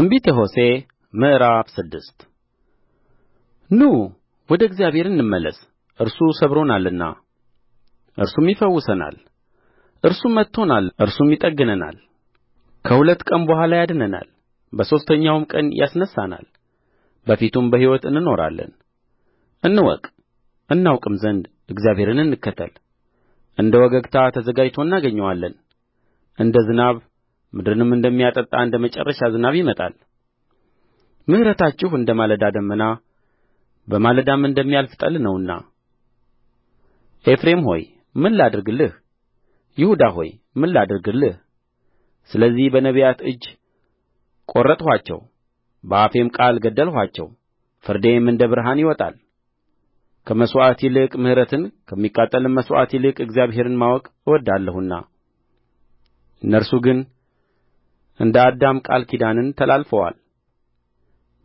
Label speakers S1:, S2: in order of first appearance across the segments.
S1: ትንቢተ ሆሴዕ ምዕራፍ ስድስት ኑ ወደ እግዚአብሔር እንመለስ እርሱ ሰብሮናልና እርሱም ይፈውሰናል እርሱ መትቶናል እርሱም ይጠግነናል ከሁለት ቀን በኋላ ያድነናል በሦስተኛውም ቀን ያስነሣናል በፊቱም በሕይወት እንኖራለን እንወቅ እናውቅም ዘንድ እግዚአብሔርን እንከተል እንደ ወገግታ ተዘጋጅቶ እናገኘዋለን እንደ ዝናብ ምድርንም እንደሚያጠጣ እንደ መጨረሻ ዝናብ ይመጣል ምሕረታችሁ እንደ ማለዳ ደመና በማለዳም እንደሚያልፍ ጠል ነውና ኤፍሬም ሆይ ምን ላድርግልህ ይሁዳ ሆይ ምን ላድርግልህ ስለዚህ በነቢያት እጅ ቈረጥኋቸው በአፌም ቃል ገደልኋቸው ፍርዴም እንደ ብርሃን ይወጣል ከመሥዋዕት ይልቅ ምሕረትን ከሚቃጠልም መሥዋዕት ይልቅ እግዚአብሔርን ማወቅ እወድዳለሁና እነርሱ ግን እንደ አዳም ቃል ኪዳንን ተላልፈዋል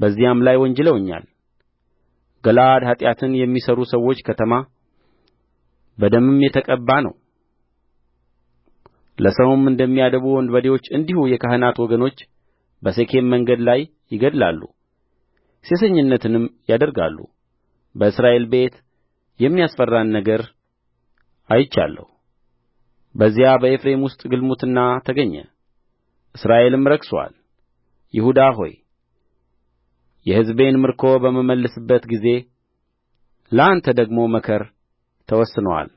S1: በዚያም ላይ ወንጅለውኛል ገለዓድ ኃጢአትን የሚሠሩ ሰዎች ከተማ በደምም የተቀባ ነው ለሰውም እንደሚያደቡ ወንበዴዎች እንዲሁ የካህናት ወገኖች በሴኬም መንገድ ላይ ይገድላሉ ሴሰኝነትንም ያደርጋሉ በእስራኤል ቤት የሚያስፈራን ነገር አይቻለሁ በዚያ በኤፍሬም ውስጥ ግልሙትና ተገኘ እስራኤልም ረክሶአል ይሁዳ ሆይ የሕዝቤን ምርኮ በምመልስበት ጊዜ ለአንተ ደግሞ መከር ተወስኖአል።